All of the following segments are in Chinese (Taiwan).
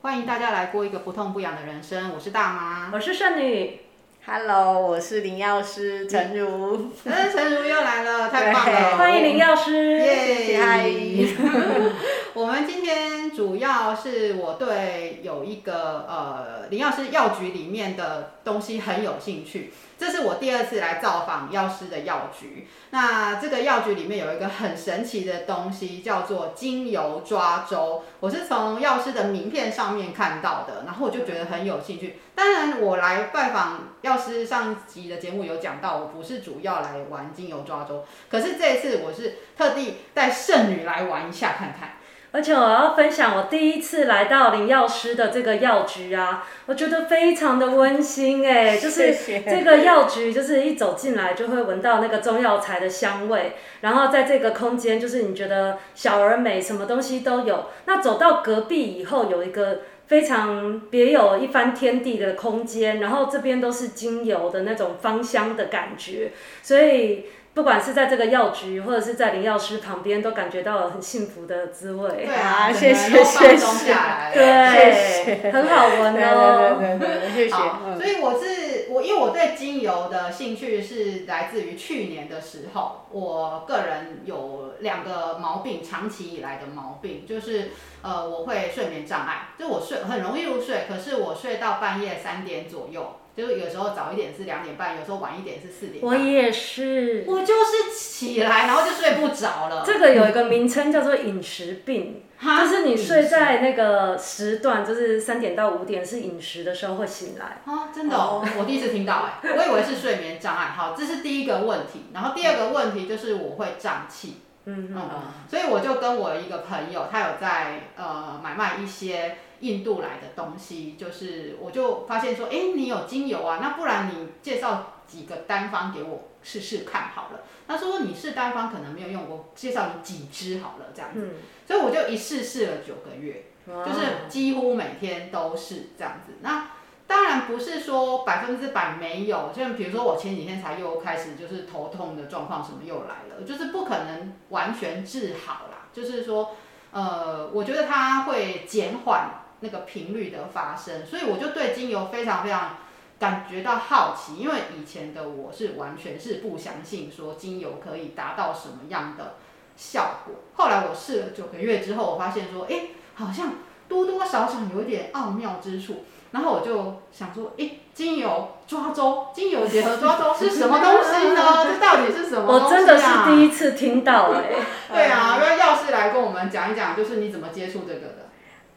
歡迎大家來過一個不痛不癢的人生。我是大媽，我是聖女。Hello，我是林藥師陳儒，陳儒 又來了，太棒了！歡迎林藥師，耶、yeah！ 我們今天主要是我對有一個呃，林藥師藥局裡面的東西很有興趣。這是我第二次來造訪藥師的藥局。那這個藥局裡面有一個很神奇的東西，叫做精油抓周。我是從藥師的名片上面看到的，然後我就覺得很有興趣。當然，我來拜訪藥師，上一集的節目有講到，我不是主要來玩精油抓周，可是這一次我是特地帶聖女來玩一下看看。而且我要分享我第一次來到林藥師的這個藥局啊，我覺得非常的溫馨哎、欸，就是這個藥局就是一走進來就會聞到那個中藥材的香味，然後在這個空間就是你覺得小而美，什麼東西都有。那走到隔壁以後有一個非常別有一番天地的空間，然後這邊都是精油的那種芳香的感覺，所以。不管是在這個藥局，或者是在林藥師旁邊，都感覺到了很幸福的滋味。對啊，都放鬆下來了，對，很好聞哦。對對對對對，好、嗯，所以我是我，因為我對精油的興趣是來自於去年的時候。我個人有兩個毛病，長期以來的毛病，就是呃，我會睡眠障礙，就我睡很容易入睡，可是我睡到半夜三點左右，就有時候早一點是兩點半，有時候晚一點是四點。我也是，我就是起來，然後就睡不着了。嗯。這個有一個名稱叫做飲食病，就是你睡在那個時段，就是三點到五點是飲食的時候會醒來。啊，真的哦，喔，oh. 我第一次聽到哎，欸，我以為是睡眠障礙。好，這是第一個問題，然後第二個問題就是我會脹氣。嗯嗯嗯，所以我就跟我一個朋友，他有在呃買賣一些。印度來的東西，就是我就發現說，哎，你有精油啊？那不然你介紹幾個單方給我試試看好了。他說你是單方可能沒有用，我介紹你幾支好了這樣子、嗯。所以我就一試試了九個月，就是幾乎每天都是這樣子。那當然不是說百分之百沒有，像比如說我前幾天才又開始就是頭痛的狀況什麼又來了，就是不可能完全治好啦。就是說，呃，我覺得它會減緩。那個頻率的發生，所以我就對精油非常非常感覺到好奇，因為以前的我是完全是不相信說精油可以達到什麼樣的效果。後來我試了九個月之後，我發現說，哎，好像多多少少有點奧妙之處。然後我就想說，哎，精油抓周，精油結合抓周是什麼東西呢？ 這到底是什麼啊？我真的是第一次聽到哎，欸。 對啊，因為藥師來跟我們講一講，就是你怎麼接觸這個的。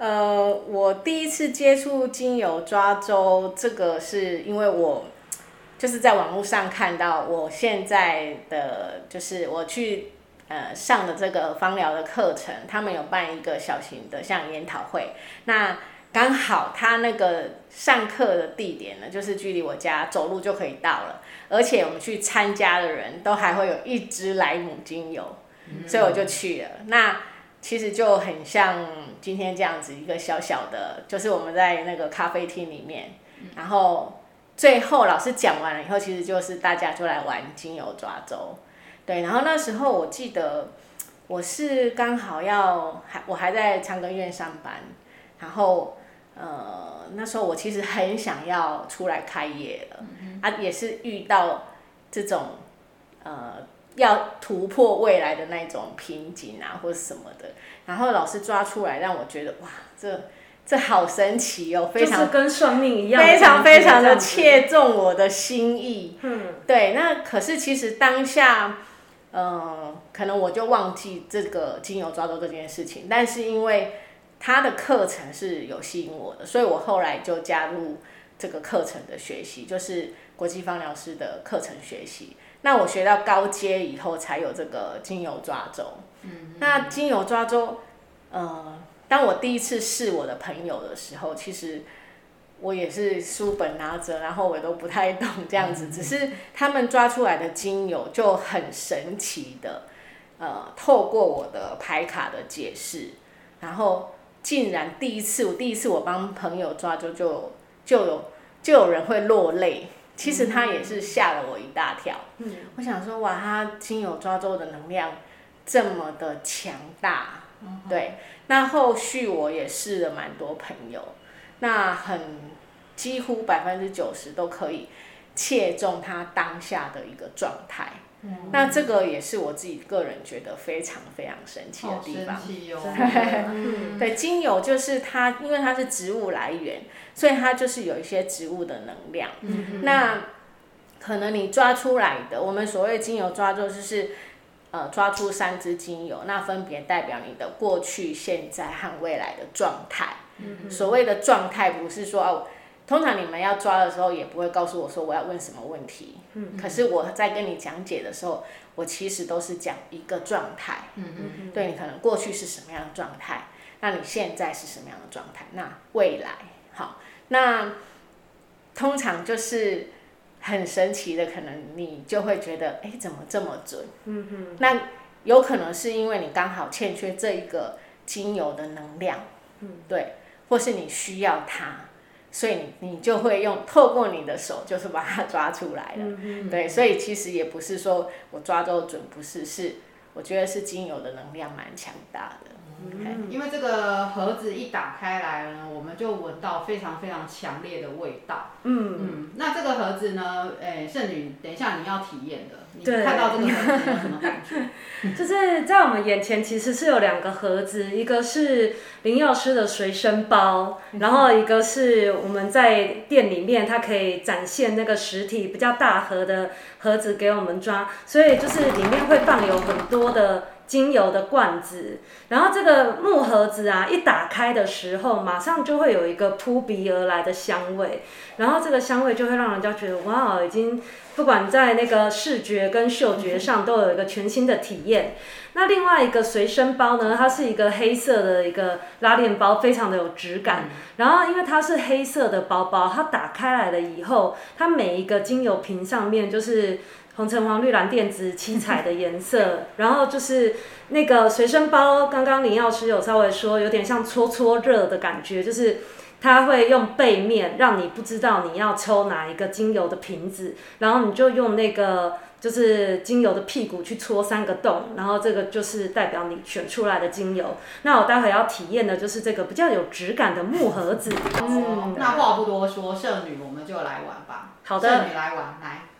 呃，我第一次接觸精油抓周，這個是因為我就是在網絡上看到，我現在的就是我去呃上的這個芳療的課程，他們有辦一個小型的像研討會，那剛好他那個上課的地點呢，就是距離我家走路就可以到了，而且我們去參加的人都還會有一支萊姆精油嗯嗯，所以我就去了。那其實就很像今天這樣子一個小小的，就是我們在那個咖啡廳裡面，然後最後老師講完了以後，其實就是大家就來玩精油抓周。對，然後那時候我記得我是剛好要還我還在長庚醫院上班，然後呃那時候我其實很想要出來開業了，啊也是遇到這種呃。要突破未來的那種瓶頸啊，或是什麼的，然後老師抓出來，讓我覺得哇，這這好神奇哦，非常、就是、跟算命一樣，非常非常的切中我的心意。嗯、對，那可是其實當下，呃、可能我就忘記這個精油抓周這件事情，但是因為他的課程是有吸引我的，所以我後來就加入這個課程的學習，就是國際芳療師的課程學習。那我學到高階以後才有這個精油抓周。嗯。那精油抓周，呃，當我第一次試我的朋友的時候，其實我也是書本拿着，然後我也都不太懂這樣子。嗯。只是他們抓出來的精油就很神奇的，呃，透過我的牌卡的解釋，然後竟然第一次，我第一次我幫朋友抓周，就就有就有人會落淚。其實他也是嚇了我一大跳。嗯，我想說，哇，他精油抓周的能量這麼的強大，嗯，對。那後續我也試了蠻多朋友，那很幾乎百分之九十都可以切中他當下的一個狀態。嗯、那這個也是我自己個人覺得非常非常神奇的地方神奇，哦 對嗯嗯。對，精油就是它，因為它是植物來源，所以它就是有一些植物的能量。嗯、那可能你抓出來的，我們所謂精油抓周就是，呃，抓出三支精油，那分別代表你的過去、現在和未來的狀態。嗯。所謂的狀態，不是說哦。通常你們要抓的時候，也不會告訴我說我要問什麼問題。嗯、可是我在跟你講解的時候，嗯、我其實都是講一個狀態。嗯嗯嗯、對，你可能過去是什麼樣的狀態，那你現在是什麼樣的狀態？那未來，好，那通常就是很神奇的，可能你就會覺得，哎，怎麼這麼準、嗯嗯？那有可能是因為你剛好欠缺這一個精油的能量。嗯、對，或是你需要它。所以你就會用透過你的手，就是把它抓出來了。嗯嗯嗯、對，所以其實也不是說我抓到準不是，是我覺得是精油的能量蠻強大的。嗯、okay，因為這個盒子一打開來呢，我們就聞到非常非常強烈的味道。嗯嗯。那這個盒子呢，哎、欸，聖女，等一下你要體驗的，你看到這個盒子有什麼感覺？ 就是在我們眼前，其實是有兩個盒子，一個是林藥師的隨身包，然後一個是我們在店裡面，它可以展現那個實體比較大盒的盒子給我們裝，所以就是裡面會放有很多的。精油的罐子，然後這個木盒子啊，一打開的時候，馬上就會有一個撲鼻而來的香味，然後這個香味就會讓人家覺得，哇，已經不管在那個視覺跟嗅覺上都有一個全新的體驗。嗯、那另外一個隨身包呢，它是一個黑色的一個拉鏈包，非常的有質感、嗯。然後因為它是黑色的包包，它打開來了以後，它每一個精油瓶上面就是。橙黃綠藍靛紫七彩的顏色， 然後就是那個隨身包，剛剛林藥師有稍微說，有點像戳戳熱的感覺，就是它會用背面讓你不知道你要抽哪一個精油的瓶子，然後你就用那個就是精油的屁股去戳三個洞，然後這個就是代表你選出來的精油。那我待會要體驗的就是這個比較有質感的木盒子。嗯、哦，那話不多說，剩女我們就來玩吧。好的，剩女來玩來。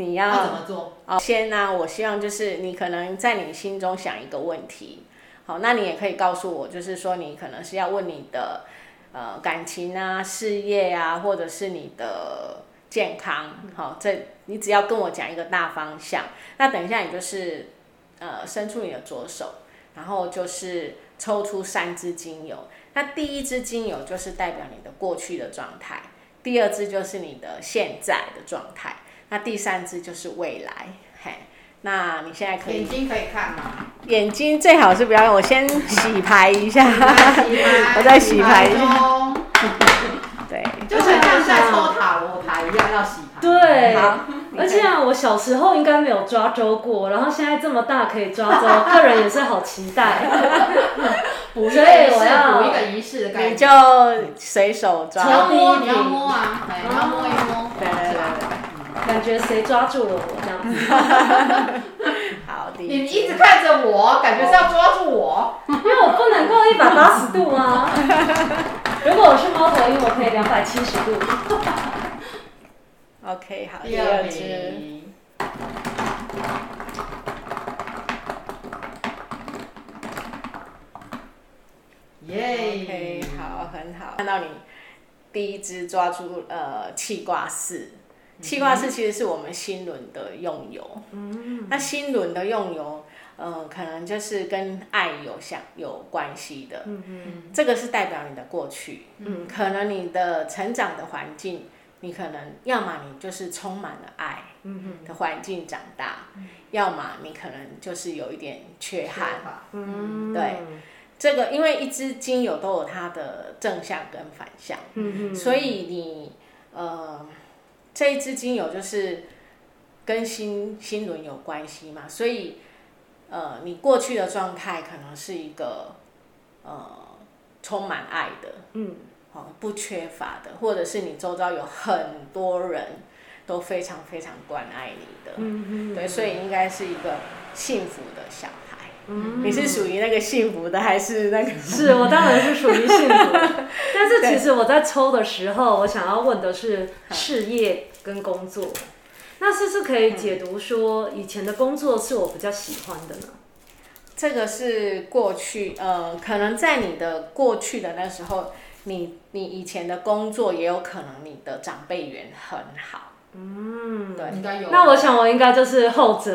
你要，要怎麼做？先呢、啊？我希望就是你可能在你心中想一個問題，好，那你也可以告訴我，就是說你可能是要問你的呃感情啊、事業啊，或者是你的健康，好，這你只要跟我講一個大方向。那等一下，你就是呃伸出你的左手，然後就是抽出三支精油。那第一支精油就是代表你的過去的狀態，第二支就是你的現在的狀態。那第三支就是未來，嘿，那你現在可以眼睛可以看嗎？眼睛最好是不要用，我先洗牌一下， 洗牌 我再洗牌一下， 對，就是像在抽塔羅牌、啊、一樣要洗牌。對， 而且啊我小時候應該沒有抓周過，然後現在這麼大可以抓周， 個人也是好期待。補 一個儀式的感覺， 所以我要你就隨手抓，你要摸啊，你要摸一摸，對對對。對對對對對對感覺誰抓住了我這樣子 好的，你一直看着我，感覺是要抓住我， 因為我不能夠一百八十度嗎？ 如果我是貓頭鷹，我可以兩百七十度。 OK，好，第二只耶，yeah, okay, 好，很好，看到你第一只抓住呃氣掛式。西瓜是其實是我們心輪的用油，嗯，那心輪的用油，呃，可能就是跟愛有相有關係的，嗯嗯，這個是代表你的過去，嗯，可能你的成長的環境，你可能要麼你就是充滿了愛的環境長大，嗯嗯、要麼你可能就是有一點缺憾。嗯，對，這個因為一支精油都有它的正向跟反向，嗯嗯，所以你呃。這一支精油就是跟心心輪有關係嘛，所以呃，你過去的狀態可能是一個呃充滿愛的，嗯，不缺乏的，或者是你周遭有很多人都非常非常關愛你的，嗯嗯，對，所以應該是一個幸福的小孩。嗯，你是屬於那個幸福的還是那個？是，我當然是屬於幸福的。 但是其實我在抽的時候，我想要問的是事業。跟工作，那是不是可以解讀說，以前的工作是我比較喜歡的呢？嗯。這個是過去，呃，可能在你的過去的那時候，你你以前的工作也有可能你的長輩緣很好。嗯，對，應該有。那我想我應該就是後者，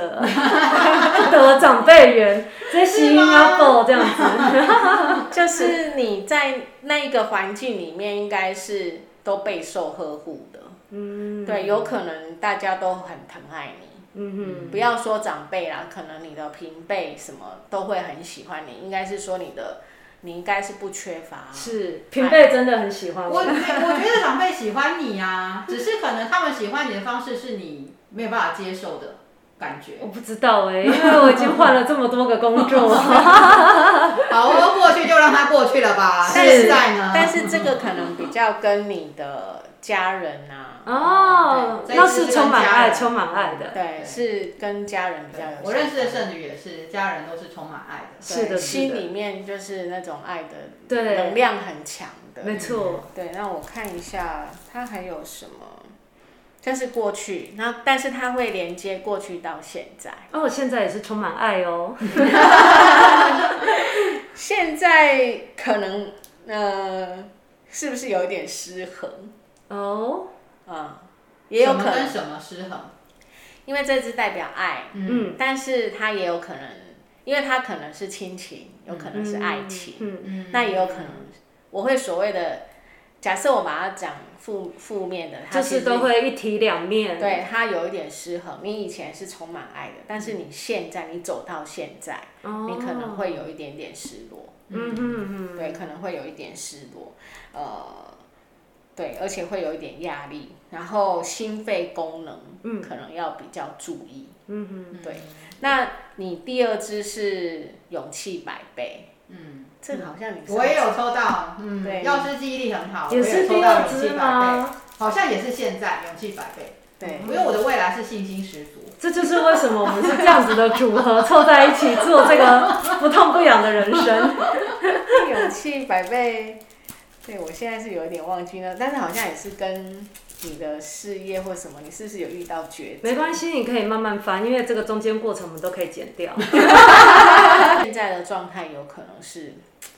的 長輩緣在 是 i n g 這樣子， 就是你在那一個環境裡面，應該是都備受呵護的。嗯，對，有可能大家都很疼愛你，嗯哼、嗯，不要說長輩啦，可能你的平輩什麼都會很喜歡你，應該是說你的，你應該是不缺乏，是，平輩真的很喜歡我覺得，我覺得長輩喜歡你啊， 只是可能他們喜歡你的方式是你沒有辦法接受的感覺，我不知道哎、欸，因為我已經換了這麼多個工作， 好，我過去就讓它過去了吧，現在呢？但是這個可能比較跟你的。 家人吶、啊、哦、oh,，那是充滿愛、充滿愛的對，對，是跟家人比較有。我認識的聖女也是，家人都是充滿愛的，的，是的，心裡面就是那種愛的能量很強的，沒錯。對，那我看一下，他還有什麼？像是過去，然後但是它會連接過去到現在。哦、oh,，現在也是充滿愛哦。 現在可能呃，是不是有一點失衡？哦、oh?，嗯，也有可能什麼失衡，因為這支代表愛，嗯，但是它也有可能，因為它可能是親情，有可能是愛情，嗯那、嗯、也有可能，我會所謂的假設我把它講負負面的它，就是都會一體兩面，對它有一點失衡。你以前是充滿愛的，但是你現在你走到現在，嗯，你可能會有一點點失落，嗯，對，可能會有一點失落，呃。對，而且會有一點壓力，然後心肺功能，嗯，可能要比較注意。嗯嗯，對嗯。那你第二支是勇氣百倍。嗯，嗯，這好像你說我也有抽到，嗯，對。藥師記憶力很好，我也是抽到勇氣百倍，好像也是現在勇氣百倍，嗯。對，因為我的未來是信心十足。這就是為什麼我們是這樣子的組合 湊在一起做這個不痛不癢的人生。 勇氣百倍。對，我現在是有一點忘記了，但是好像也是跟你的事業或什麼，你是不是有遇到抉擇？沒關係，你可以慢慢翻，因為這個中間過程我們都可以剪掉。 現在的狀態有可能是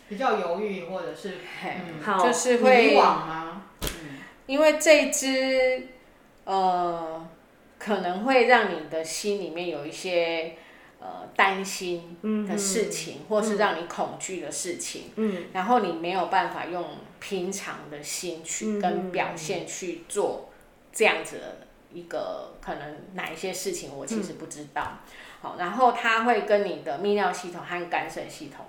比較猶豫，或者是，很、嗯、好，就是會以往嗎、啊嗯？因為這一支呃，可能會讓你的心裡面有一些。呃，擔心的事情、嗯嗯，或是讓你恐懼的事情，嗯，然後你沒有辦法用平常的心去跟表現去做這樣子的一個、嗯嗯、可能哪一些事情，我其實不知道、嗯。好，然後它會跟你的泌尿系統和肝腎系統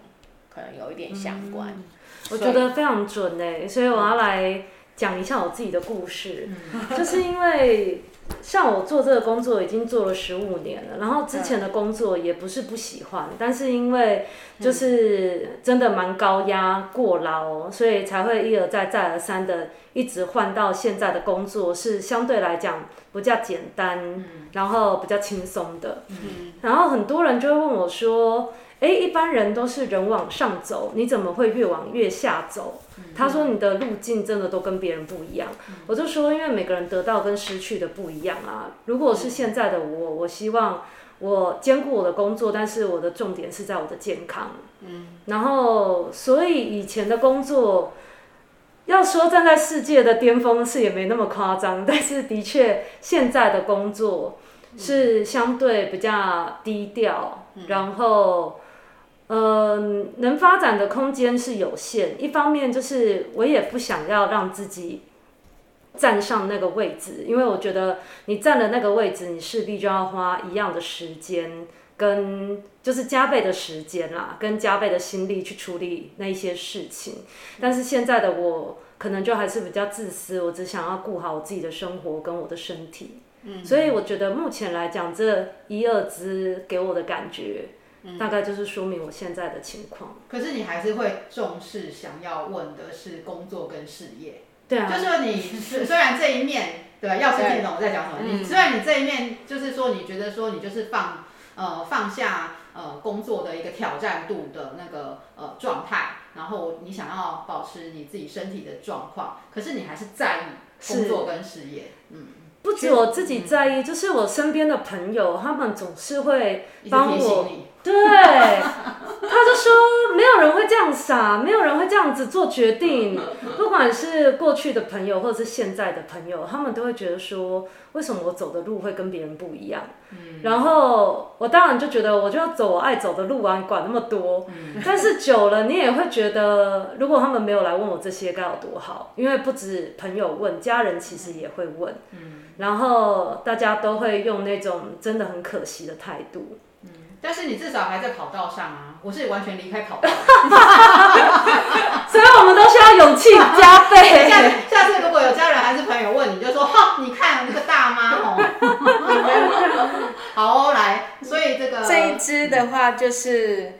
可能有一點相關。嗯、我覺得非常準誒，所以我要來講一下我自己的故事，嗯、 就是因為。像我做這個工作已經做了十五年了，然後之前的工作也不是不喜歡，嗯、但是因為就是真的蠻高壓、哦、過、嗯、勞，所以才會一而再、再而三的一直換到現在的工作，是相對來講比較簡單，嗯、然後比較輕鬆的、嗯。然後很多人就會問我說：“哎、欸，一般人都是人往上走，你怎麼會越往越下走？”他說：“你的路徑真的都跟別人不一樣。”我就說：“因為每個人得到跟失去的不一樣啊。如果是現在的我，我希望我兼顧我的工作，但是我的重點是在我的健康。嗯，然後所以以前的工作，要說站在世界的巔峰是也沒那麼誇張，但是的確現在的工作是相對比較低調。然後。”呃，能發展的空間是有限。一方面就是我也不想要讓自己站上那個位置，因為我覺得你站的那個位置，你勢必就要花一樣的時間，跟就是加倍的時間啦，跟加倍的心力去處理那些事情。但是現在的我可能就還是比較自私，我只想要顧好我自己的生活跟我的身體。嗯，所以我覺得目前來講，這一二支給我的感覺。嗯、大概就是說明我現在的情況。可是你還是會重視，想要問的是工作跟事業。對啊，就說你是你雖然這一面對吧，要先聽懂我在講什麼。你、嗯、雖然你這一面就是說你覺得說你就是放呃放下呃工作的一個挑戰度的那個呃狀態，然後你想要保持你自己身體的狀況，可是你還是在意工作跟事業，嗯。不止我自己在意、嗯，就是我身邊的朋友，他們總是會幫我。對， 他就說沒有人會這樣傻，沒有人會這樣子做決定。 不管是過去的朋友，或者是現在的朋友，他們都會覺得說，為什麼我走的路會跟別人不一樣？嗯、然後我當然就覺得，我就要走我愛走的路啊，管，管那麼多、嗯。但是久了， 你也會覺得，如果他們沒有來問我這些，該有多好？因為不止朋友問，家人其實也會問。嗯。然後大家都會用那種真的很可惜的態度、嗯。但是你至少還在跑道上啊！我是完全離開跑道。 所以我們都需要勇氣加倍 下。下次如果有家人還是朋友問你，就說：， 哦、你看那個大媽哦。 好哦，來。所以這個這一支的話，就是、嗯、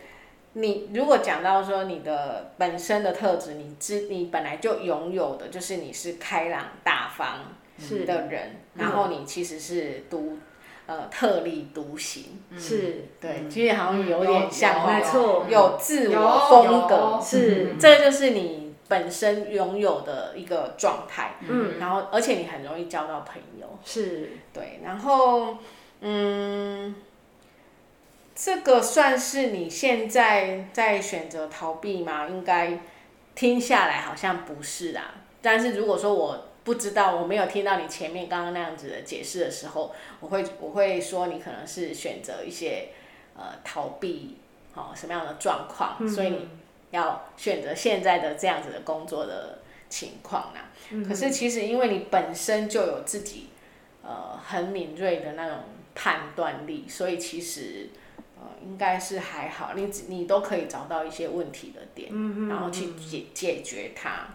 你如果講到說你的本身的特質，你之你本來就擁有的，就是你是開朗大方。是的人，然後你其實是獨、嗯、呃特立獨行，是，對、嗯，其實好像有點像，沒錯，有自我風格，是，嗯是嗯、這個、就是你本身擁有的一個狀態，嗯，然後而且你很容易交到朋友，是，對，然後，嗯，這個算是你現在在選擇逃避嗎？應該聽下來好像不是啦，但是如果說我。不知道，我沒有聽到你前面剛剛那樣子的解釋的時候，我會我會說你可能是選擇一些呃逃避哦什麼樣的狀況、嗯，所以你要選擇現在的這樣子的工作的情況啦、嗯。可是其實因為你本身就有自己呃很敏銳的那種判斷力，所以其實呃應該是還好，你你都可以找到一些問題的點，嗯、然後去解解決它。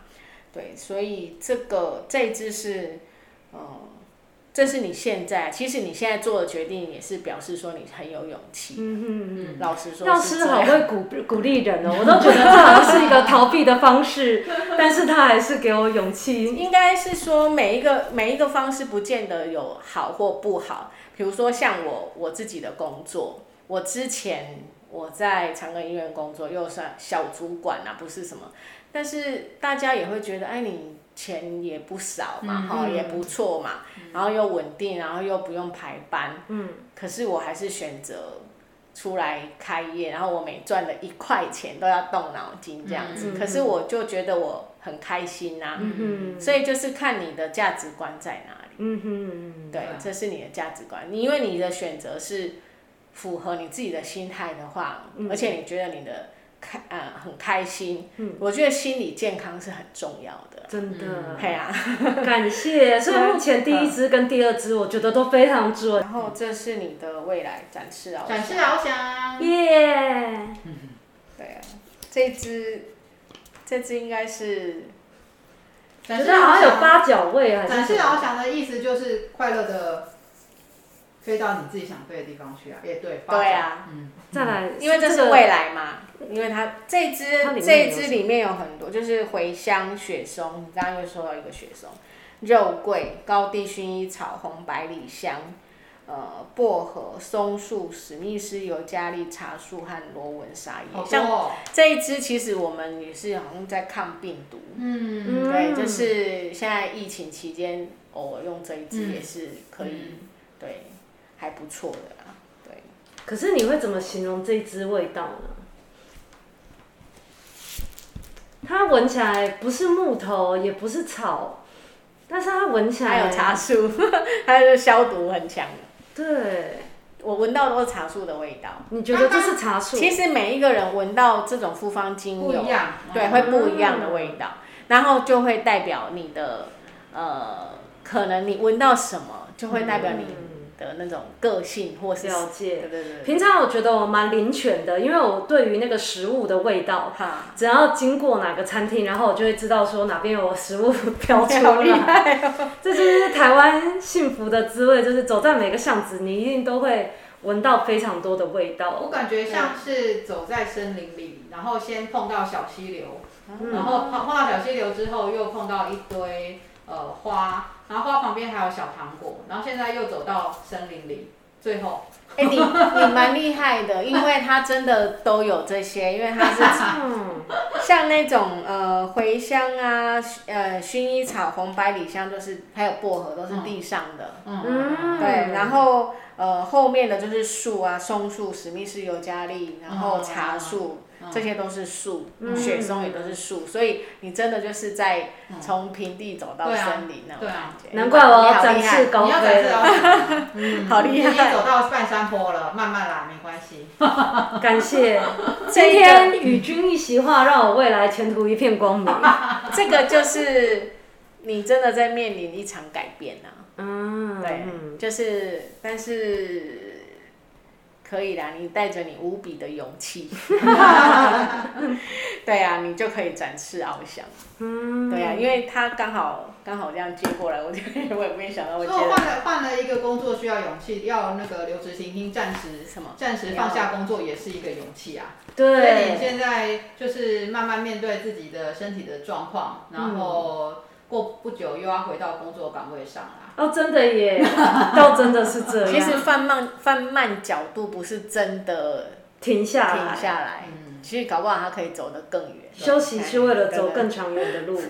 對，所以這個這一支是，呃、嗯，這是你現在，其實你現在做的決定也是表示說你很有勇氣。嗯嗯嗯，老師說，老師好會鼓鼓勵人哦，我都覺得這好像是一個逃避的方式， 但是他還是給我勇氣。應該是說每一個每一個方式不見得有好或不好，比如說像我我自己的工作，我之前我在長庚醫院工作，又算小主管啊，不是什麼。但是大家也會覺得，哎，你錢也不少嘛，哈、嗯，也不錯嘛、嗯，然後又穩定，然後又不用排班，嗯。可是我還是選擇出來開業，然後我每賺的一塊錢都要動腦筋這樣子、嗯嗯。可是我就覺得我很開心吶、啊嗯，所以就是看你的價值觀在哪裡。嗯哼，對、嗯，這是你的價值觀、嗯。你因為你的選擇是符合你自己的心態的話、嗯，而且你覺得你的。開啊、嗯，很開心、嗯。我覺得心理健康是很重要的，真的。嗯、對啊， 感謝。所以目前第一支跟第二支，我覺得都非常準、嗯。然後這是你的未來展翅翱翔。展翅翱翔，耶、yeah! yeah! 嗯！對啊，這支，這支應該是展。覺得好像有八角味啊。展翅翱翔的意思就是快樂的。飛到你自己想對的地方去啊！也對，對啊，嗯，再來、是不是、這個、因為這是未來嘛，因為它這一支，它這一支裡面有很多，就是茴香、雪松，你剛剛又說到一個雪松、肉桂、高地薰衣草紅、紅百里香、呃薄荷、松樹、史密斯尤加利茶樹和羅文莎葉。Oh, oh. 像這一支，其實我們也是好像在抗病毒，嗯，對，嗯、對，就是現在疫情期間，偶、哦、爾用這一支也是可以，嗯、對。嗯對還不錯的啦，對。可是你會怎麼形容這一支味道呢？它聞起來不是木頭，也不是草，但是它聞起來還有茶樹，還 有消毒很強的。對，我聞到都是茶樹的味道。你覺得這是茶樹？其實每一個人聞到這種複方精油不一樣，對，會不一樣的味道，嗯、然後就會代表你的呃，可能你聞到什麼，就會代表你。的那種個性或是了解，對對對，平常我覺得我蠻靈犬的，因為我對於那個食物的味道，哈，只要經過哪個餐廳，然後我就會知道說哪邊有食物飄出來。好厲害哦。這是台灣幸福的滋味，就是走在每個巷子，你一定都會聞到非常多的味道。 我感覺像是走在森林裡，然後先碰到小溪流，嗯、然後碰碰到小溪流之後，又碰到一堆。呃，花，然後花旁邊還有小糖果，然後現在又走到森林裡，最後，哎、欸，你你蠻厲害的， 因為它真的都有這些，因為它是， 像那種呃茴香啊，呃薰衣草、紅百里香都、就是，還有薄荷都是地上的，嗯，嗯對，然後呃後面的就是樹啊，松樹、史密斯尤加利，然後茶樹。嗯嗯嗯、這些都是樹，雪松也都是樹、嗯，所以你真的就是在從平地走到森林那種感覺。嗯對啊對啊，難怪我展翅高飛，好厲害！你哦， 害你已經走到半山坡了，慢慢啦，沒關係。感謝今天與君一席話，讓我未來前途一片光明。 這個就是你真的在面臨一場改變啊！嗯，對，就是，但是。可以啦，你帶着你無比的勇氣， 對呀、啊，你就可以展翅翱翔。對呀、啊，因為他剛好剛好這樣接過來，我就我也沒想到我，我覺得換了換了一個工作需要勇氣，要那個留職停薪，暫時什麼，暫時放下工作也是一個勇氣啊。對，對，所以你現在就是慢慢面對自己的身體的狀況，然後、嗯。過不久又要回到工作崗位上啦哦，真的耶， 倒真的是這樣。其實放慢放慢，角度不是真的停下來，停下來、嗯。其實搞不好它可以走得更遠。休息是為了走更長遠的路。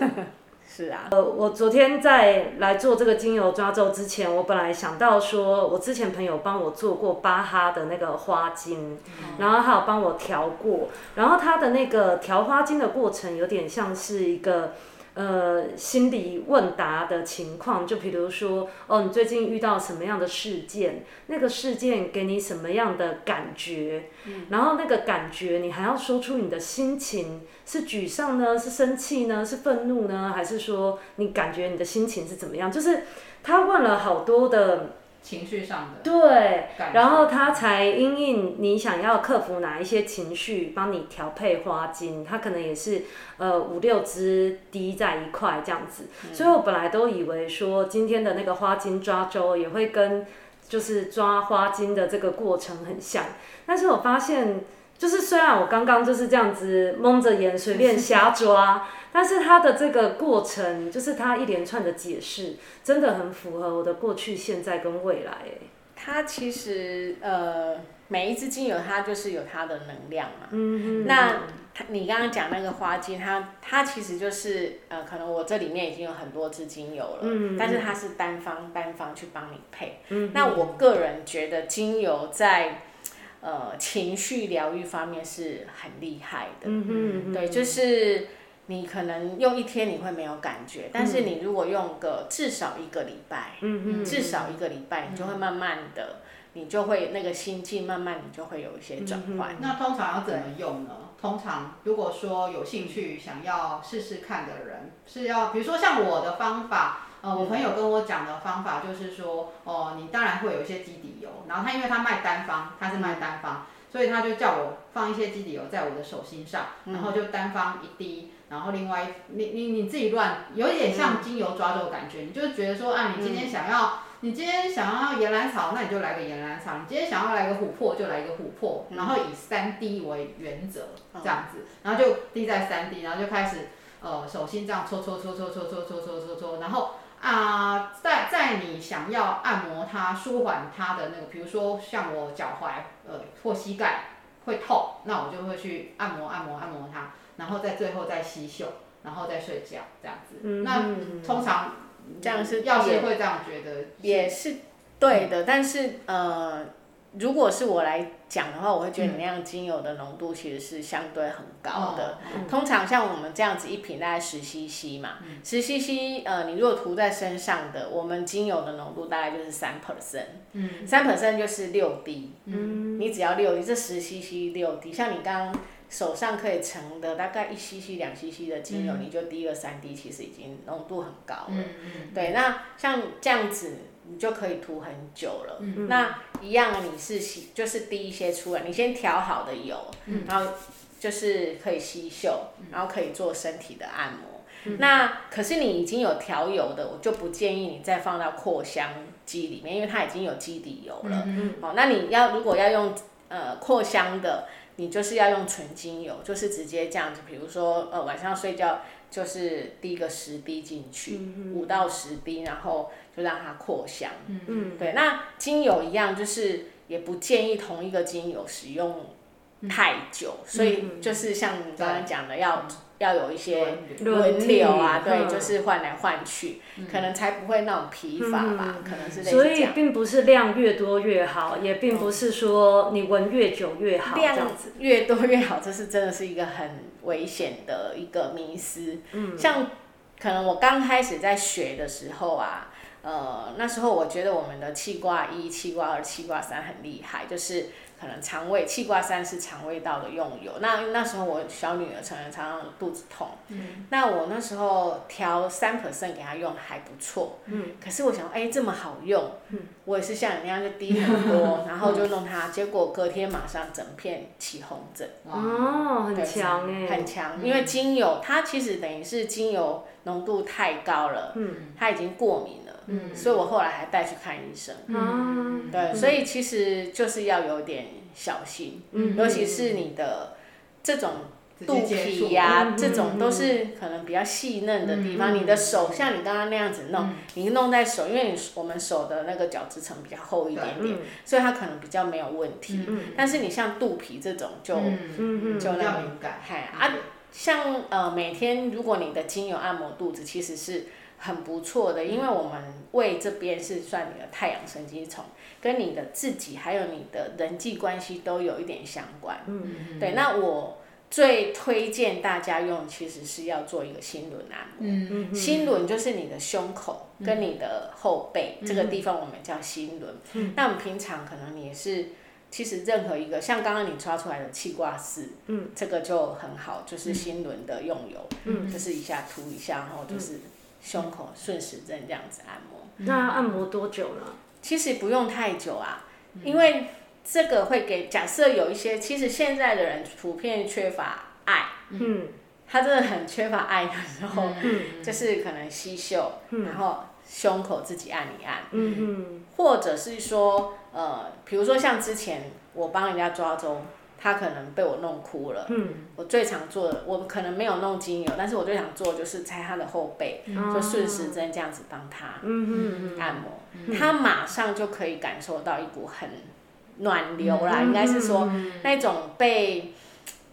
是啊、呃，我昨天在來做這個精油抓周之前，我本來想到說，我之前朋友幫我做過巴哈的那個花精，嗯、然後還有幫我調過，然後他的那個調花精的過程有點像是一個。呃，心理問答的情況，就比如說，哦，你最近遇到什麼樣的事件？那個事件給你什麼樣的感覺？嗯，然後那個感覺，你還要說出你的心情是沮喪呢？是生氣呢？是憤怒呢？還是說你感覺你的心情是怎麼樣？就是他問了好多的。情緒上的對，然後他才因應你想要克服哪一些情緒，幫你調配花精。他可能也是呃五六支滴在一塊這樣子。嗯。所以我本來都以為說今天的那個花精抓周也會跟就是抓花精的這個過程很像，但是我發現。就是雖然我剛剛就是這樣子蒙着眼隨便瞎抓， 但是它的這個過程，就是它一連串的解釋，真的很符合我的過去、現在跟未來。它其實呃，每一支精油它就是有它的能量嘛。嗯嗯。那你剛剛講那個花精，它它其實就是呃，可能我這裡面已經有很多支精油了。嗯哼。但是它是單方單方去幫你配。嗯哼。那我個人覺得精油在。呃，情緒療癒方面是很厲害的，嗯哼嗯哼，對，就是你可能用一天你會沒有感覺，嗯，但是你如果用個至少一個禮拜，嗯哼嗯哼，至少一個禮拜，你就會慢慢的，嗯，你就會那個心境慢慢你就會有一些轉換。嗯，那通常要怎麼用呢？通常如果說有興趣想要試試看的人，是要比如說像我的方法。呃，我朋友跟我講的方法就是說，哦、呃，你當然會有一些基底油，然後他因為他賣單方，他是賣單方，所以他就叫我放一些基底油在我的手心上，然後就單方一滴，然後另外一你你你自己亂，有點像精油抓周的感覺，你就覺得說，啊，你今天想要，你今天想要岩蘭草，那你就來個岩蘭草，你今天想要來個琥珀，就來一個琥珀，然後以三滴為原則，這樣子，然後就滴在三滴，然後就開始，呃，手心這樣搓搓搓搓搓搓搓搓搓搓，然後。啊、呃，在在你想要按摩它、舒緩它的那個，比如說像我腳踝、呃或膝蓋會痛，那我就會去按摩、按摩、按摩它，然後在最後再吸嗅，然後再睡覺這樣子。嗯、那通常這樣是，要是會這樣覺得是也是對的，嗯、但是呃。如果是我來講的話，我會覺得你那樣精油的濃度其實是相對很高的。哦嗯、通常像我們這樣子一瓶大概十 CC 嘛，十、嗯、CC 呃，你如果塗在身上的，我們精油的濃度大概就是三 percent，三 percent 就是六滴，嗯，你只要六滴、嗯、這十 CC 六滴，像你剛剛手上可以盛的大概一 CC 兩 CC 的精油，嗯，你就滴個三滴，其實已經濃度很高了，嗯嗯。對，那像這樣子。你就可以塗很久了。嗯嗯，那一樣，你是洗，就是滴一些出來。你先調好的油、嗯，然後就是可以吸嗅、嗯，然後可以做身體的按摩、嗯。那可是你已經有調油的，我就不建議你再放到擴香機裡面，因為它已經有基底油了。嗯嗯哦、那你要如果要用呃擴香的，你就是要用純精油，就是直接這樣子。比如說呃晚上睡覺。就是滴個十滴進去，嗯，五到十滴，然後就讓它擴香。嗯，對，那精油一樣，就是也不建議同一個精油使用太久，嗯，所以就是像你剛剛講的，嗯，要。要有一些輪流啊，對，就是換來換去，嗯、可能才不會那種疲乏吧，嗯、可能是這樣。所以，並不是量越多越好，也並不是說你聞越久越好。量、嗯、越多越好，這是真的是一個很危險的一個迷思。嗯，像可能我剛開始在學的時候啊，呃，那時候我覺得我們的氣卦一、氣卦二、氣卦三很厲害，就是。可能腸胃氣瓜散是腸胃道的用油，那那時候我小女兒常常，常肚子痛，嗯，那我那時候調三 percent 給她用還不錯，嗯，可是我想，哎、欸，這麼好用，嗯我也是像你那樣就滴很多， 然後就弄它， 結果隔天馬上整片起紅疹。哇哦，很強、欸、很強、嗯。因為精油它其實等於是精油濃度太高了、嗯，它已經過敏了，嗯、所以我後來還帶去看醫生。嗯、對、嗯，所以其實就是要有點小心，嗯、尤其是你的這種。肚皮呀、啊嗯嗯，這種都是可能比較細嫩的、地方、嗯嗯、你的手，像你剛剛那樣子弄，嗯、你弄在手，因為你我們手的那個角質層比較厚一點點、嗯，所以它可能比較沒有問題。嗯嗯、但是你像肚皮這種就、嗯嗯嗯、就比較敏感。啊，像呃每天如果你的精油按摩肚子，其實是很不錯的，因為我們胃這邊是算你的太陽神經叢，跟你的自己還有你的人際關係都有一點相關。嗯、對、嗯，那我，最推薦大家用，其實是要做一個心輪按摩。嗯嗯嗯、心輪就是你的胸口跟你的後背、嗯、這個地方，我們叫心輪、嗯。那我們平常可能你也是，其實任何一個像剛剛你抓出來的氣掛式、嗯，這個就很好，就是心輪的用油、嗯，就是一下塗一下，然後就是胸口順時針這樣子按摩。那按摩多久呢？其實不用太久啊，嗯、因為。這個會給假設有一些，其實現在的人普遍缺乏愛，嗯，他真的很缺乏愛的時候，嗯，然後就是可能吸嗅、嗯，然後胸口自己按一按，嗯或者是說，呃，比如說像之前我幫人家抓周，他可能被我弄哭了，嗯，我最常做的，我可能沒有弄精油，但是我最想做就是在他的後背、嗯，就順時針這樣子幫他，嗯按摩、嗯嗯嗯，他馬上就可以感受到一股很。暖流啦，應該是說那種被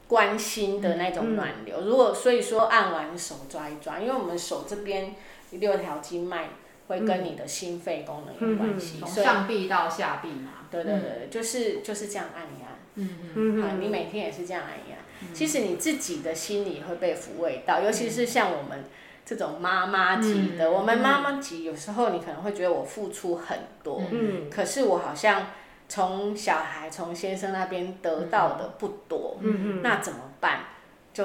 關心的那種暖流。嗯嗯、如果所以說按完手抓一抓，因為我們手這邊六條經脈會跟你的心肺功能有關係，從、嗯嗯嗯、上臂到下臂嘛。對對對，嗯、就是就是這樣按一按、嗯嗯好。你每天也是這樣按一按，嗯、其實你自己的心裡會被撫慰到，尤其是像我們這種媽媽級的，嗯嗯、我們媽媽級有時候你可能會覺得我付出很多，嗯、可是我好像。從小孩從先生那邊得到的不多、嗯，那怎麼辦？就、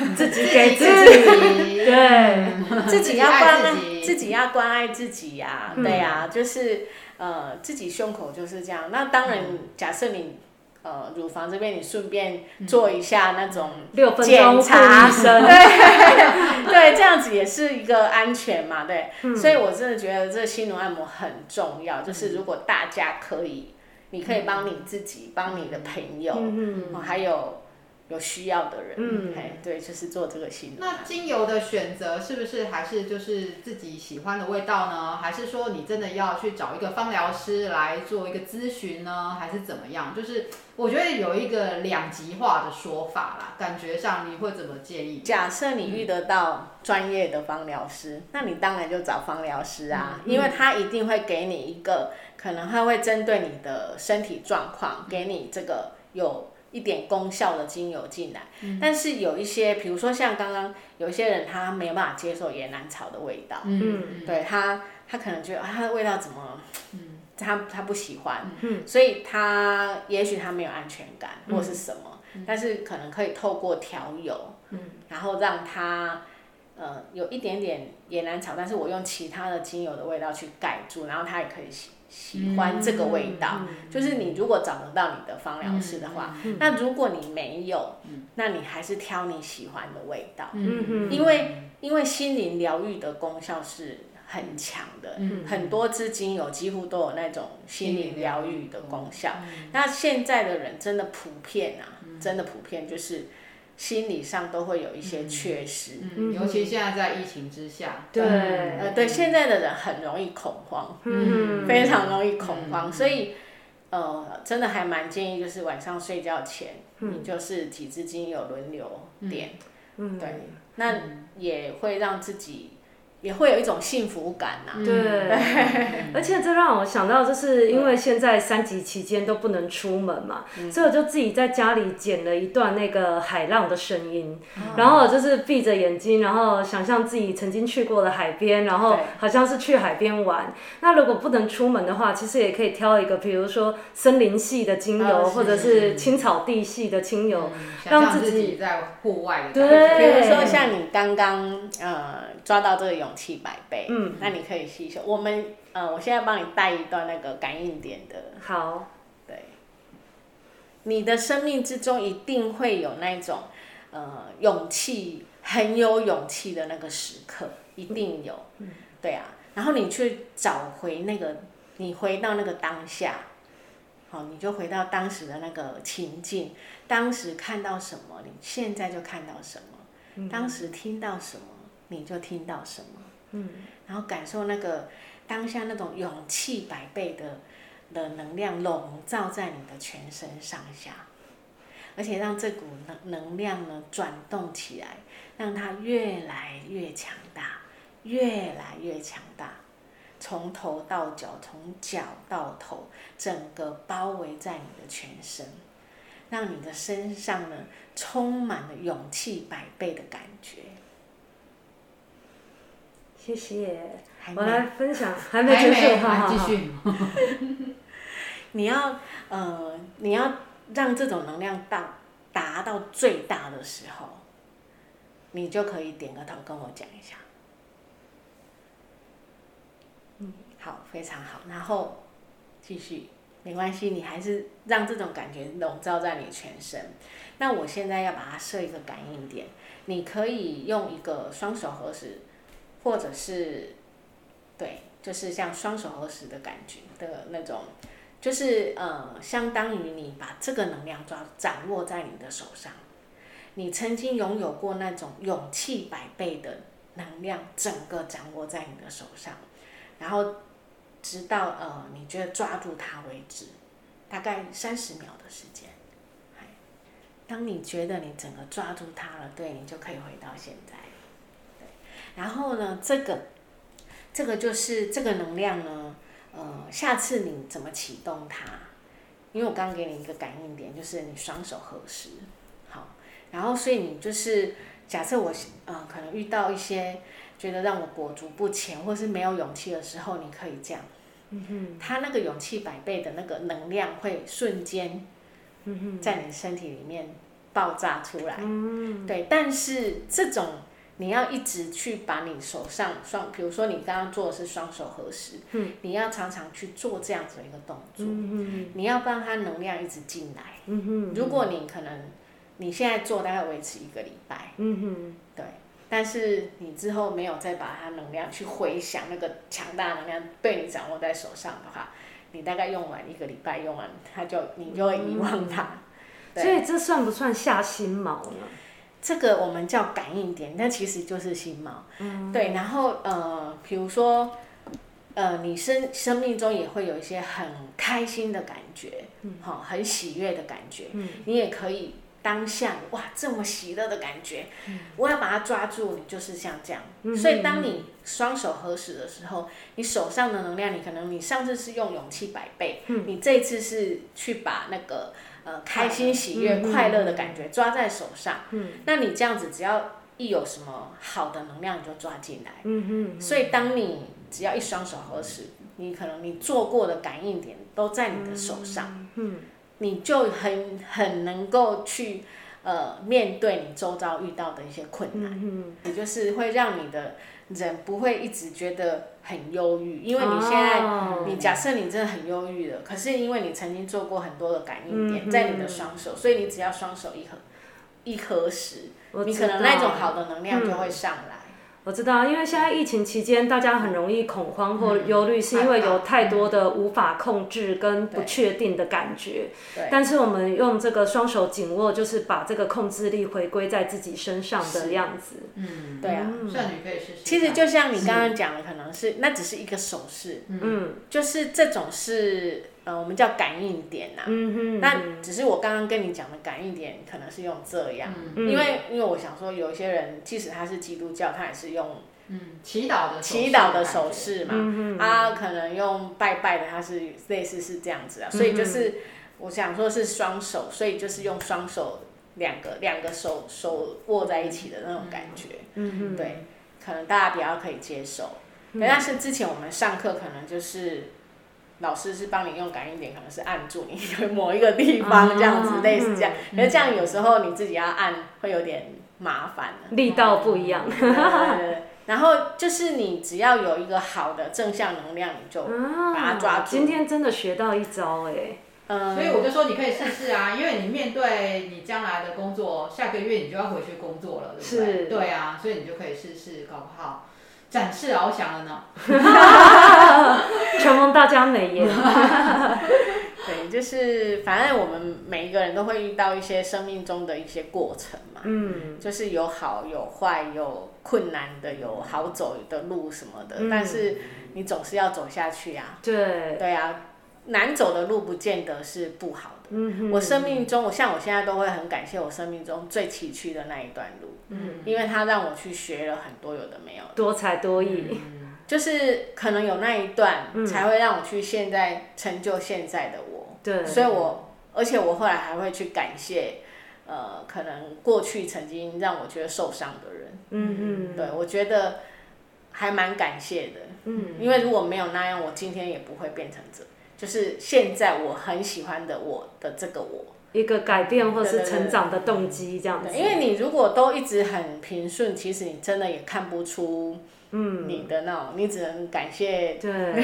嗯、自己給自己、嗯、自己自己，對，自己要關，自己要關愛自己呀、啊嗯，對呀、啊，就是呃，自己胸口就是這樣。那當然，嗯、假設你、呃、乳房這邊，你順便做一下那種檢查六分鐘護生， 對對，這樣子也是一個安全嘛，對。嗯、所以我真的覺得這心輪按摩很重要，就是如果大家可以。你可以幫你自己，幫、嗯、你的朋友，哦、嗯嗯嗯，還有有需要的人，哎、嗯嗯，對，就是做這個心理。那精油的選擇是不是還是就是自己喜歡的味道呢？還是說你真的要去找一個芳療師來做一個諮詢呢？還是怎麼樣？就是我覺得有一個兩極化的說法啦，感覺上你會怎麼建議？假設你遇得到專業的芳療師、嗯，那你當然就找芳療師啊、嗯，因為他一定會給你一個。可能他會針對你的身體狀況，給你這個有一點功效的精油進來。嗯、但是有一些，比如說像剛剛有些人，他沒有辦法接受野蘭草的味道。嗯對他，他可能覺得、哦、他的味道怎麼，嗯、他他不喜歡。嗯。所以他也許他沒有安全感，或是什麼、嗯。但是可能可以透過調油，嗯，然後讓他呃有一點點野蘭草，但是我用其他的精油的味道去蓋住，然後他也可以洗。喜歡這個味道，嗯嗯，就是你如果找得到你的芳療師的話，嗯嗯，那如果你沒有，嗯，那你還是挑你喜歡的味道。嗯嗯，因為，嗯、因為心靈療癒的功效是很強的，嗯、很多精油幾乎都有那種心靈療癒的功效，的功效，嗯嗯。那現在的人真的普遍啊，真的普遍就是，心理上都會有一些缺失，嗯嗯，尤其現在在疫情之下，對，呃，對，現在的人很容易恐慌，嗯，非常容易恐慌，嗯，所以，呃，真的還蠻建議，就是晚上睡覺前，嗯，你就是幾支精油輪流點，嗯，對，嗯，那也會讓自己。也會有一種幸福感吶、啊嗯。對，而且這讓我想到，就是因為現在三級期間都不能出門嘛，所以我就自己在家裡剪了一段那個海浪的聲音、嗯，然後就是閉着眼睛，然後想象自己曾經去過的海邊，然後好像是去海邊玩。那如果不能出門的話，其實也可以挑一個，比如說森林系的精油、啊是是是，或者是青草地系的精油，嗯、自讓自己在戶外。對，比如說像你剛剛呃抓到這個蛹。七百倍，嗯，那你可以吸收，嗯。我們，呃，我現在幫你帶一段那個感應點的。好，對，你的生命之中一定會有那種，呃，勇氣，很有勇氣的那個時刻，一定有，嗯，對啊。然後你去找回那個，你回到那個當下，好，你就回到當時的那個情境，當時看到什麼，你現在就看到什麼；嗯、當時聽到什麼，你就聽到什麼。嗯，然後感受那個當下那種勇氣百倍的的能量籠罩在你的全身上下，而且讓這股能能量呢轉動起來，讓它越來越強大，越來越強大，從頭到腳，從腳到頭，整個包圍在你的全身，讓你的身上呢充滿了勇氣百倍的感覺。謝謝，我來分享，還沒結束哈，繼續。 你要呃，你要讓這種能量到達到最大的時候，你就可以點個頭跟我講一下。嗯，好，非常好，然後繼續，沒關係，你還是讓這種感覺籠罩在你全身。那我現在要把它設一個感應點，你可以用一個雙手合十。或者是，對，就是像雙手合十的感覺的那種，就是呃，相當於你把這個能量抓掌握在你的手上，你曾經擁有過那種勇氣百倍的能量，整個掌握在你的手上，然後直到呃你覺得抓住它為止，大概三十秒的時間，當你覺得你整個抓住它了，對，你就可以回到現在。然後呢，這個，這個就是這個能量呢，呃，下次你怎麼啟動它？因為我剛剛給你一個感應點，就是你雙手合十，好，然後所以你就是假設我呃可能遇到一些覺得讓我裹足不前或是沒有勇氣的時候，你可以這樣，嗯哼，他那個勇氣百倍的那個能量會瞬間，嗯哼，在你身體裡面爆炸出來，嗯，對，但是這種。你要一直去把你手上雙，比如說你剛剛做的是雙手合十、嗯，你要常常去做這樣子的一個動作，嗯嗯、你要幫它能量一直進來、嗯嗯，如果你可能你現在做大概維持一個禮拜、嗯嗯，對，但是你之後沒有再把它能量去回想那個強大能量被你掌握在手上的話，你大概用完一個禮拜用完，它就你就會遺忘它、嗯嗯，所以這算不算下心錨呢？這個我們叫感應點，那其實就是心錨，嗯。對，然後呃，比如說，呃，你生生命中也會有一些很開心的感覺，好、嗯哦，很喜悅的感覺，嗯，你也可以。當下哇，這麼喜樂的感覺，嗯、我要把它抓住你。你就是像這樣，嗯哼嗯哼，所以當你雙手合十的時候，你手上的能量，你可能你上次是用勇氣百倍，嗯、你這次是去把那個呃開心、喜悅、快樂的感覺抓在手上。嗯，哼嗯，哼嗯哼，那你這樣子，只要一有什麼好的能量，你就抓進來。嗯，哼嗯哼。所以當你只要一雙手合十，你可能你做過的感應點都在你的手上。嗯，哼嗯哼。你就很很能夠去呃面對你周遭遇到的一些困難，嗯，也就是會讓你的人不會一直覺得很憂鬱，因為你現在，哦、你假設你真的很憂鬱了，可是因為你曾經做過很多的感應點在你的雙手，嗯、所以你只要雙手一合一合十，你可能那種好的能量，嗯、就會上來。我知道，因為現在疫情期間，大家很容易恐慌或憂慮，嗯，是因為有太多的無法控制跟不確定的感覺，嗯。但是我們用這個雙手緊握，就是把這個控制力回歸在自己身上的樣子。嗯，對啊，可以試試，其實就像你剛剛講的，可能是那只是一個手勢，嗯。嗯，就是這種是。呃、我們叫感應點啊，嗯哼、嗯哼，那只是我剛剛跟你講的感應點，可能是用這樣，嗯、因為因為我想說，有一些人即使他是基督教，他也是用、嗯、祈禱的祈禱的手勢嘛。嗯哼、嗯啊、可能用拜拜的，他是類似是這樣子啊。嗯、所以就是我想說，是雙手，所以就是用雙手兩個兩個手手握在一起的那種感覺。嗯對嗯，可能大家比較可以接受。嗯、但是之前我們上課可能就是。老師是幫你用感應點，可能是按住你某一個地方，這樣子、啊、類似這樣、嗯嗯，因為這樣有時候你自己要按會有點麻煩，力道不一樣。嗯、對對對 然後就是你只要有一個好的正向能量，你就把它抓住、啊。今天真的學到一招哎、欸，所以我就說你可以試試啊、嗯，因為你面對你將來的工作， 下個月你就要回去工作了，對不對？是對啊，所以你就可以試試，搞不好。展翅翱翔了呢，承 蒙大家美言。 對，就是反正我們每一個人都會遇到一些生命中的一些過程嘛，嗯，就是有好有壞，有困難的，有好走的路什麼的，嗯、但是你總是要走下去呀、啊。對，對啊，難走的路不見得是不好的。嗯、mm -hmm.，我生命中，我像我現在都會很感謝我生命中最崎嶇的那一段路，嗯、mm -hmm.，因為他讓我去學了很多，有的沒有的，多才多藝，mm -hmm. 就是可能有那一段才會讓我去現在成就現在的我，對、mm -hmm.，所以我而且我後來還會去感謝，呃，可能過去曾經讓我覺得受傷的人，嗯、mm、嗯 -hmm.，對，我覺得還蠻感謝的，嗯、mm -hmm.，因為如果沒有那樣，我今天也不會變成這樣。就是現在我很喜歡的我的這個我，一個改變或是成長的動機這樣子。因為你如果都一直很平順，其實你真的也看不出。嗯，你的那種，你只能感謝對、嗯、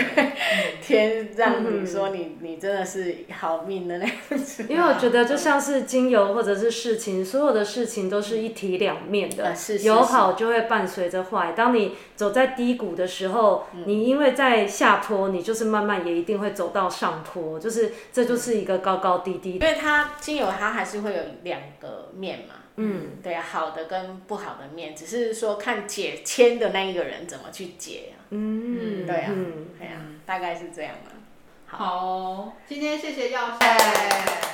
天讓你說你你真的是好命的那樣子、啊。因為我覺得就像是精油或者是事情，所有的事情都是一體兩面的、嗯，是是是，有好就會伴隨着壞。當你走在低谷的時候、嗯，你因為在下坡，你就是慢慢也一定會走到上坡，就是這就是一個高高低低的、嗯。因為它精油它還是會有兩個面嘛。嗯，對啊，好的跟不好的面，只是說看解籤的那一個人怎麼去解、啊、嗯，嗯，對啊，嗯、對啊、嗯，大概是這樣嘛。好，今天謝謝藥師。